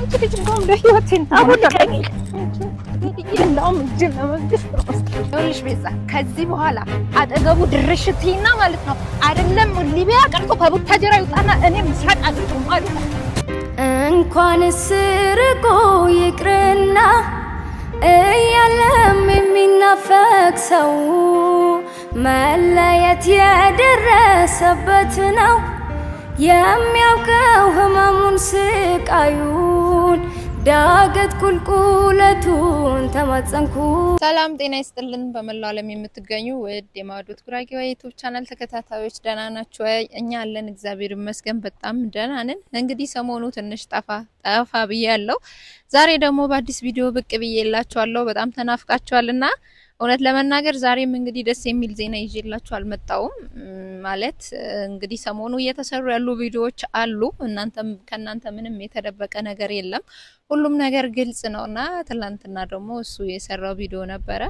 አንቺ ልጅ እንደውም ለህይወቴን እንደውም እጅ ለመንግስት ይኸውልሽ፣ ቤዛ ከዚህ በኋላ አጠገቡ ድርሽትና ማለት ነው አይደለም። ሊቢያ ቀርቶ ከቡታጀራ ይውጣና እኔ ምስራቅ አድርጉ ማለት ነው። እንኳን ስርቆ ይቅርና እያለም የሚናፈቅ ሰው መለየት የደረሰበት ነው የሚያውቀው ህመሙን ስቃዩ ዳገት ቁልቁለቱን ተማጸንኩ። ሰላም ጤና ይስጥልን። በመላው ዓለም የምትገኙ ውድ የማዕዶት ጉራጌዋ የዩቱብ ቻናል ተከታታዮች ደህና ናችሁ? እኛ አለን እግዚአብሔር ይመስገን በጣም ደህና ነን። እንግዲህ ሰሞኑ ትንሽ ጠፋ ጠፋ ብዬ ያለው ዛሬ ደግሞ በአዲስ ቪዲዮ ብቅ ብዬ የላችኋለሁ። በጣም ተናፍቃችኋልና እውነት ለመናገር ዛሬም እንግዲህ ደስ የሚል ዜና ይዤላችሁ አልመጣውም። ማለት እንግዲህ ሰሞኑ እየተሰሩ ያሉ ቪዲዮዎች አሉ። እናንተም ከእናንተ ምንም የተደበቀ ነገር የለም፣ ሁሉም ነገር ግልጽ ነው እና ትላንትና ደግሞ እሱ የሰራው ቪዲዮ ነበረ።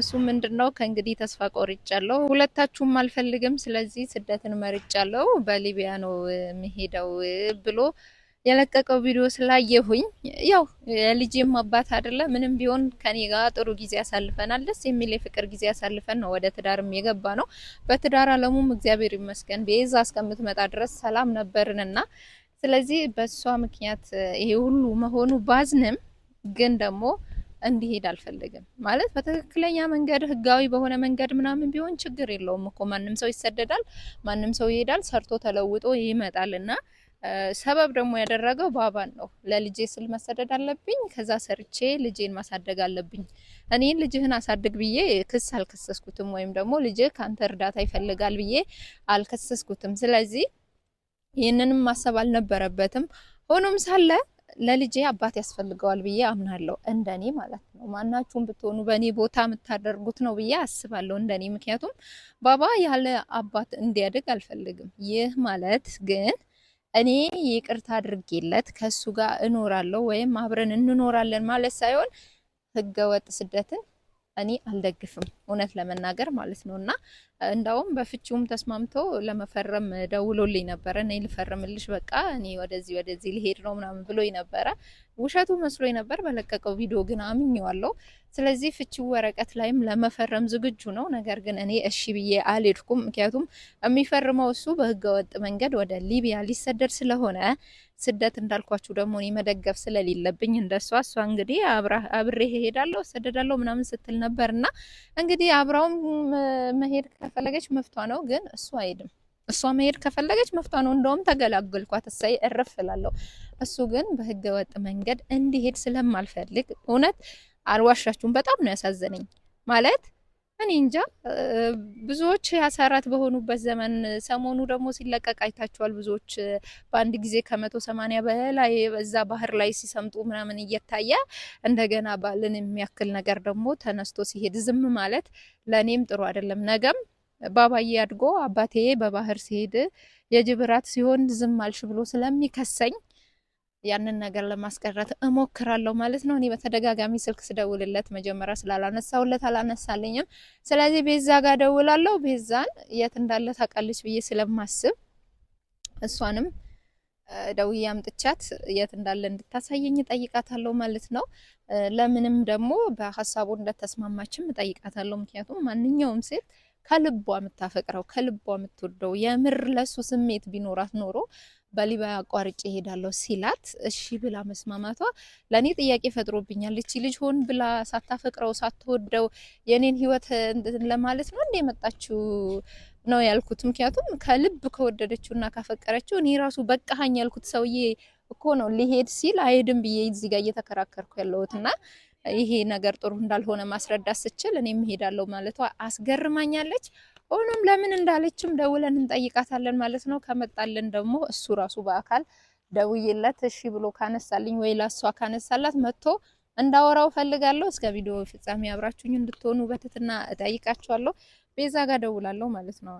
እሱ ምንድነው? ከእንግዲህ ተስፋ ቆርጫለሁ፣ ሁለታችሁም አልፈልግም፣ ስለዚህ ስደትን መርጫለሁ፣ በሊቢያ ነው የምሄደው ብሎ የለቀቀው ቪዲዮ ስላየሁኝ ያው የልጄም አባት አይደለ ምንም ቢሆን ከኔ ጋር ጥሩ ጊዜ ያሳልፈናል። ደስ የሚል የፍቅር ጊዜ ያሳልፈን ነው ወደ ትዳርም የገባ ነው። በትዳር አለሙም እግዚአብሔር ይመስገን ቤዛ እስከምትመጣ ድረስ ሰላም ነበርንና ስለዚህ በሷ ምክንያት ይሄ ሁሉ መሆኑ ባዝንም ግን ደግሞ እንዲሄድ አልፈልግም ማለት በትክክለኛ መንገድ ህጋዊ በሆነ መንገድ ምናምን ቢሆን ችግር የለውም እኮ ማንም ሰው ይሰደዳል፣ ማንም ሰው ይሄዳል፣ ሰርቶ ተለውጦ ይመጣልና ሰበብ ደግሞ ያደረገው ባባን ነው። ለልጄ ስል መሰደድ አለብኝ፣ ከዛ ሰርቼ ልጄን ማሳደግ አለብኝ። እኔን ልጅህን አሳድግ ብዬ ክስ አልከሰስኩትም፣ ወይም ደግሞ ልጅህ ከአንተ እርዳታ ይፈልጋል ብዬ አልከሰስኩትም። ስለዚህ ይህንንም ማሰብ አልነበረበትም። ሆኖም ሳለ ለልጄ አባት ያስፈልገዋል ብዬ አምናለሁ። እንደኔ ማለት ነው። ማናችሁም ብትሆኑ በእኔ ቦታ የምታደርጉት ነው ብዬ አስባለሁ። እንደኔ ምክንያቱም ባባ ያለ አባት እንዲያድግ አልፈልግም። ይህ ማለት ግን እኔ ይቅርታ አድርጌለት ከእሱ ጋር እኖራለሁ ወይም አብረን እንኖራለን ማለት ሳይሆን ህገወጥ ስደትን እኔ አልደግፍም እውነት ለመናገር ማለት ነው። እና እንዳውም በፍቺውም ተስማምቶ ለመፈረም ደውሎልኝ ነበረ። እኔ ልፈርምልሽ በቃ እኔ ወደዚህ ወደዚህ ሊሄድ ነው ምናምን ብሎኝ ነበረ። ውሸቱ መስሎኝ ነበር። በለቀቀው ቪዲዮ ግን አምኜዋለሁ። ስለዚህ ፍቺው ወረቀት ላይም ለመፈረም ዝግጁ ነው። ነገር ግን እኔ እሺ ብዬ አልሄድኩም። ምክንያቱም የሚፈርመው እሱ በህገወጥ መንገድ ወደ ሊቢያ ሊሰደድ ስለሆነ ስደት እንዳልኳችሁ ደግሞ እኔ መደገፍ ስለሌለብኝ እንደሷ እሷ እንግዲህ አብሬ እሄዳለሁ ሰደዳለሁ ምናምን ስትል ነበር። እና እንግዲህ አብራውም መሄድ ከፈለገች መፍቷ ነው፣ ግን እሱ አይሄድም። እሷ መሄድ ከፈለገች መፍቷ ነው። እንደውም ተገላገልኳት፣ እሰይ እርፍ እላለሁ። እሱ ግን በህገ ወጥ መንገድ እንዲሄድ ስለማልፈልግ እውነት አልዋሻችሁም፣ በጣም ነው ያሳዘነኝ ማለት እኔ እንጃ ብዙዎች ያሰራት በሆኑበት ዘመን ሰሞኑ ደግሞ ሲለቀቅ አይታችኋል። ብዙዎች በአንድ ጊዜ ከመቶ ሰማንያ በላይ በዛ ባህር ላይ ሲሰምጡ ምናምን እየታየ እንደገና ባልን የሚያክል ነገር ደግሞ ተነስቶ ሲሄድ ዝም ማለት ለእኔም ጥሩ አይደለም። ነገም ባባዬ አድጎ አባቴ በባህር ሲሄድ የጅብራት ሲሆን ዝም አልሽ ብሎ ስለሚከሰኝ ያንን ነገር ለማስቀረት እሞክራለሁ ማለት ነው። እኔ በተደጋጋሚ ስልክ ስደውልለት መጀመሪያ ስላላነሳውለት አላነሳልኝም። ስለዚህ ቤዛ ጋር ደውላለሁ። ቤዛን የት እንዳለ ታውቃለች ብዬ ስለማስብ እሷንም ደውዬ አምጥቻት የት እንዳለ እንድታሳየኝ እጠይቃታለሁ ማለት ነው። ለምንም ደግሞ በሀሳቡ እንደተስማማችም እጠይቃታለሁ። ምክንያቱም ማንኛውም ሴት ከልቧ የምታፈቅረው ከልቧ የምትወደው የምር ለሱ ስሜት ቢኖራት ኖሮ በሊቢያ አቋርጬ እሄዳለሁ ሲላት እሺ ብላ መስማማቷ ለእኔ ጥያቄ ፈጥሮብኛል። እቺ ልጅ ሆን ብላ ሳታፈቅረው ሳትወደው የኔን ህይወት ለማለት ነው እንዴ የመጣችው ነው ያልኩት። ምክንያቱም ከልብ ከወደደችው እና ካፈቀረችው እኔ ራሱ በቃሀኝ ያልኩት ሰውዬ እኮ ነው ሊሄድ ሲል አይሄድም ብዬ እዚህ ጋር እየተከራከርኩ ያለሁት እና ይሄ ነገር ጥሩ እንዳልሆነ ማስረዳት ስችል እኔም እሄዳለሁ ማለቷ አስገርማኛለች። ሆኖም ለምን እንዳለችም ደውለን እንጠይቃታለን ማለት ነው። ከመጣልን ደግሞ እሱ ራሱ በአካል ደውዬለት እሺ ብሎ ካነሳልኝ ወይ ላሷ ካነሳላት መጥቶ እንዳወራው ፈልጋለሁ። እስከ ቪዲዮ ፍጻሜ አብራችሁኝ እንድትሆኑ በትትና እጠይቃችኋለሁ። ቤዛ ጋር ደውላለሁ ማለት ነው።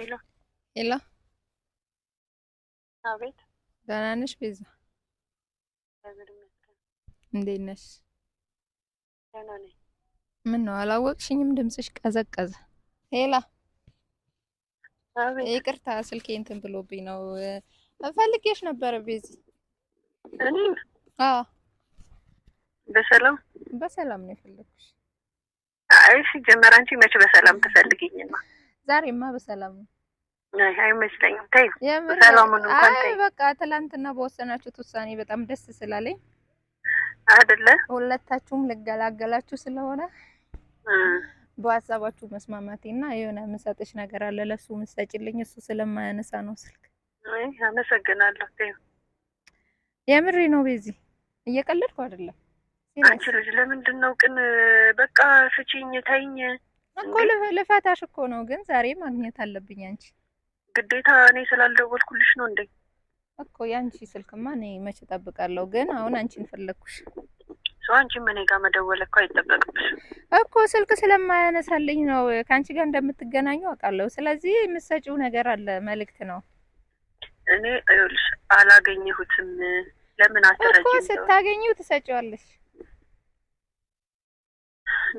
ሄሎ ኤላ አቤት። ደህና ነሽ ቤዛ? እንዴት ነሽ? ደህና ነኝ። ምን ነው አላወቅሽኝም? ድምፅሽ ቀዘቀዘ። ኤላ ይቅርታ፣ ስልኬ እንትን ብሎብኝ ነው። ፈልጌሽ ነበረ ቤዚ። በሰላም በሰላም ነው የፈለኩሽ። አይ ሲጀመር አንቺ መቼ በሰላም ትፈልጊኝማ? ዛሬማ በሰላም ነው አይመስለኝም። ተይው ሰላሙን እንኳን በቃ ትላንትና በወሰናችሁት ውሳኔ በጣም ደስ ስላለኝ አይደለ ሁለታችሁም ልገላገላችሁ ስለሆነ በሀሳባችሁ መስማማቴ እና የሆነ የምሰጥሽ ነገር አለ ለሱ የምትሰጪልኝ እሱ ስለማያነሳ ነው ስልክ። አመሰግናለሁ። ተይው ነው ቤዚ፣ እየቀለድኩ አይደለም። አንቺ ልጅ ለምንድን ነው ቅን በቃ ፍቺኝ፣ ተይኝ እኮ ልፈታሽ እኮ ነው፣ ግን ዛሬ ማግኘት አለብኝ አንቺ ግዴታ እኔ ስላልደወልኩልሽ ነው እንዴ? እኮ የአንቺ ስልክማ እኔ መቼ እጠብቃለሁ? ግን አሁን አንቺን ፈለግኩሽ። አንቺም እኔ ጋር መደወል እኮ እኮ። ስልክ ስለማያነሳልኝ ነው። ከአንቺ ጋር እንደምትገናኙ አውቃለሁ። ስለዚህ የምትሰጪው ነገር አለ፣ መልእክት ነው። እኔ ይኸውልሽ አላገኘሁትም። ለምን አትረጂ እኮ ስታገኘው ትሰጪዋለሽ።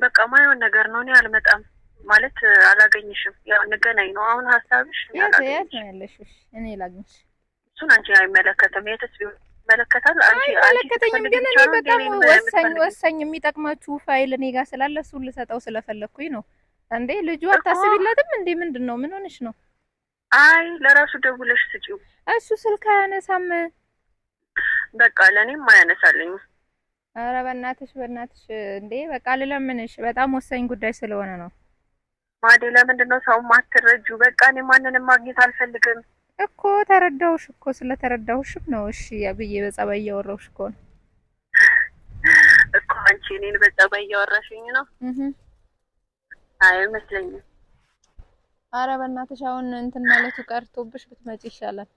በቃ ማይሆን ነገር ነው። እኔ አልመጣም ማለት አላገኝሽም። ያው እንገናኝ ነው አሁን ሀሳብሽ። እኔ ላግኝሽ። እሱን አንቺ አይመለከትም። የትስ ቢሆን ይመለከታል። አይመለከተኝም፣ ግን እኔ በጣም ወሳኝ ወሳኝ የሚጠቅማችሁ ፋይል እኔ ጋር ስላለ እሱን ልሰጠው ስለፈለግኩኝ ነው። እንዴ ልጁ አታስቢለትም እንዴ? ምንድን ነው ምን ሆነሽ ነው? አይ ለራሱ ደውለሽ ስጪው። እሱ ስልክ አያነሳም። በቃ ለእኔም አያነሳልኝ። ኧረ በእናትሽ በእናትሽ፣ እንዴ በቃ ልለምንሽ፣ በጣም ወሳኝ ጉዳይ ስለሆነ ነው ማዴ ለምንድን ነው ሰው ማትረጁ? በቃ እኔ ማንንም ማግኘት አልፈልግም እኮ ተረዳውሽ እኮ ስለተረዳውሽም ነው እሺ ብዬ በጸባይ እያወራውሽ እኮ ነው እኮ አንቺ እኔን በጸባይ እያወራሽኝ ነው። አይመስለኝም። አረ በእናትሽ አሁን እንትን ማለቱ ቀርቶብሽ ብትመጪ ይሻላል።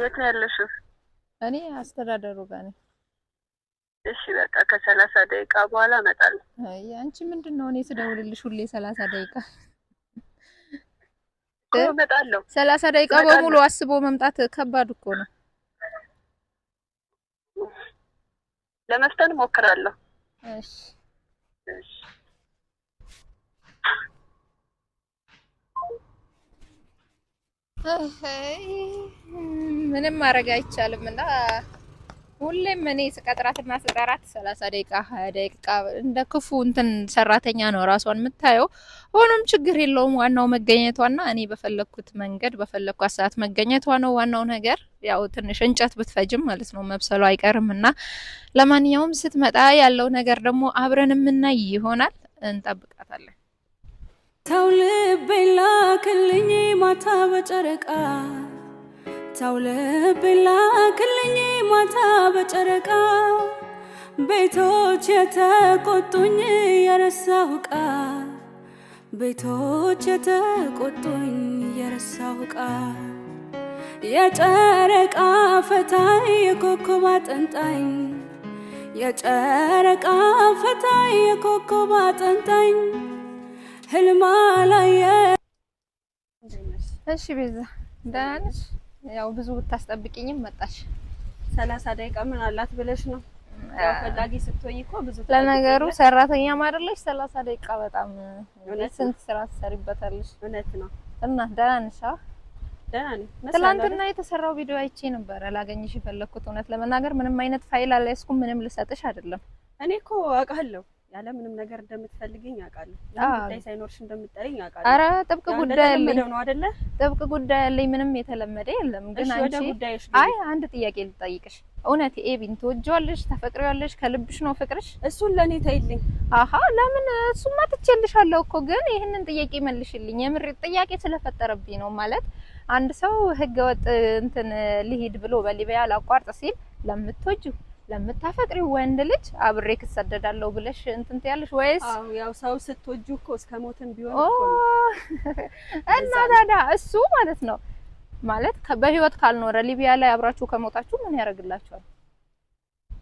የት ነው ያለሽው? እኔ አስተዳደሩ ጋር ነኝ። እሺ በቃ ከሰላሳ ደቂቃ በኋላ እመጣለሁ። አይ አንቺ ምንድን ነው እኔ ስደውልልሽ ሁሌ ሰላሳ ደቂቃ እመጣለሁ። ሰላሳ ደቂቃ በሙሉ አስቦ መምጣት ከባድ እኮ ነው። ለመፍጠን እሞክራለሁ። እሺ ምንም ማድረግ አይቻልም እና ሁሌም እኔ ስቀጥራትና ስጠራት ሰላሳ ደቂቃ ሀያ ደቂቃ እንደ ክፉ እንትን ሰራተኛ ነው ራሷን የምታየው። ሆኖም ችግር የለውም ዋናው መገኘቷና እኔ በፈለግኩት መንገድ በፈለግኳት ሰዓት መገኘቷ ነው ዋናው ነገር። ያው ትንሽ እንጨት ብትፈጅም ማለት ነው መብሰሉ አይቀርም እና ለማንኛውም ስትመጣ ያለው ነገር ደግሞ አብረን የምናይ ይሆናል። እንጠብቃታለን። ተው ልቤ ላክልኝ ማታ በጨረቃ የመታው ልብ ላክልኝ ማታ በጨረቃ ቤቶች የተቆጡኝ የረሳው ቃል ቤቶች የተቆጡኝ የረሳው ቃል የጨረቃ ፈታይ የኮከብ አጠንጣኝ የጨረቃ ፈታይ የኮከብ አጠንጣኝ ህልማ ላይ እሺ ቤዛ ደህና ነሽ? ያው ብዙ ብታስጠብቂኝም መጣሽ። ሰላሳ ደቂቃ ምን አላት ብለሽ ነው ፈላጊ ስትሆኝ እኮ ብዙ። ለነገሩ ሰራተኛ አይደለሽ፣ ሰላሳ ደቂቃ በጣም ስንት ስራ ትሰሪበታለሽ። እውነት ነው። እና ደህና ነሽ? ደህና ነኝ። የተሰራው ቪዲዮ አይቼ ነበረ ላገኝሽ የፈለግኩት። እውነት ለመናገር ምንም አይነት ፋይል አልያዝኩም። ምንም ልሰጥሽ አይደለም። እኔ እኮ አውቃለሁ ያለ ምንም ነገር እንደምትፈልግኝ አውቃለሁ። ጉዳይ ሳይኖርሽ እንደምትጠይኝ አውቃለሁ። አረ ጥብቅ ጉዳይ ያለኝ ነው አይደለ? ጥብቅ ጉዳይ ያለኝ ምንም የተለመደ የለም። ግን አንቺ አይ አንድ ጥያቄ ልጠይቅሽ። እውነት ኤቢን ትወጂዋለሽ? ተፈቅሪዋለሽ? ከልብሽ ነው ፍቅርሽ? እሱን ለኔ ተይልኝ። አሀ ለምን? እሱማ ትቼልሻለሁ እኮ ግን ይህንን ጥያቄ መልሽልኝ። የምር ጥያቄ ስለፈጠረብኝ ነው። ማለት አንድ ሰው ህገወጥ እንትን ሊሄድ ብሎ በሊቢያ ላቋርጥ ሲል ለምትወጂው ለምታፈቅሪው ወንድ ልጅ አብሬ እሰደዳለሁ ብለሽ እንትንት ያለሽ ወይስ? አዎ ያው ሰው ስትወጁ እኮ እስከ ሞትም ቢሆን እኮ እና ታዲያ እሱ ማለት ነው ማለት በህይወት ካልኖረ ሊቢያ ላይ አብራችሁ ከሞታችሁ ምን ያደርግላችኋል?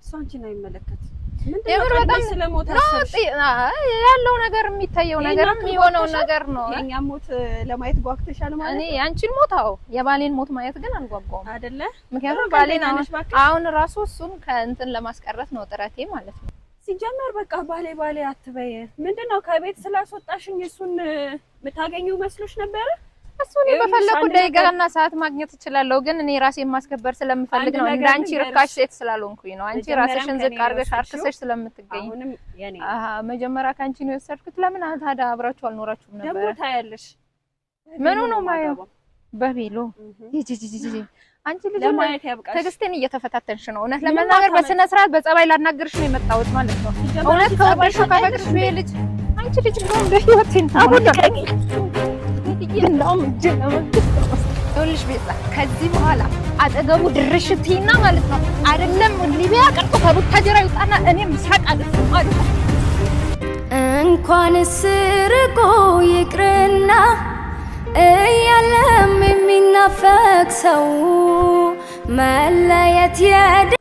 እሱ አንቺን አይመለከት የምር በጣም ያለው ነገር የሚታየው ነገር የሚሆነው ነገር ነው። የእኛ ሞት ለማየት ጓጉተሻል ማለት እኔ ያንቺን ሞት አዎ፣ የባሌን ሞት ማየት ግን አልጓጓውም አይደለ? ምክንያቱም ባሌን አሁን ራሱ እሱን ከእንትን ለማስቀረት ነው ጥረቴ ማለት ነው። ሲጀመር በቃ ባሌ ባሌ አትበይ። ምንድነው ከቤት ስላስወጣሽኝ እሱን የምታገኘው መስሎሽ ነበረ? እሱን በፈለኩ ደቂቃና ሰዓት ማግኘት እችላለሁ፣ ግን እኔ ራሴ ማስከበር ስለምፈልግ ነው። እንደ አንቺ ርካሽ ሴት ስላልሆንኩኝ ነው። አንቺ ራስሽን ዝቅ አድርገሽ አርክሰሽ ስለምትገኝ አሃ፣ መጀመሪያ ካንቺ ነው የወሰድኩት። ለምን ታዲያ አብራችሁ አልኖራችሁም ነበር? ደግሞ ታያለሽ። ምኑ ነው ማየው? በቤሎ አንቺ ልጅ ለማየት ያብቃሽ። ትዕግስቴን እየተፈታተንሽ ነው። እውነት ለመናገር በስነ ስርዓት በጸባይ ላናገርሽ ነው የመጣሁት ማለት ነው። እውነት ከወደድሽው ካፈቅርሽ ልጅ አንቺ ልጅ ነው እንደዚህ ወጥተን አቡዳ ይኸውልሽ ቤዛ፣ ከዚህ በኋላ አጠገቡ ድርሽ ትይና ማለት ነው አይደለም ሊቢያ ቀርቶ ከቡታጀራ ይውጣና እኔም ሳቅ አልፍ ማለት ነው። እንኳንስ ርቆ ይቅርና እያለም የሚናፈቅ ሰው መለየት የደ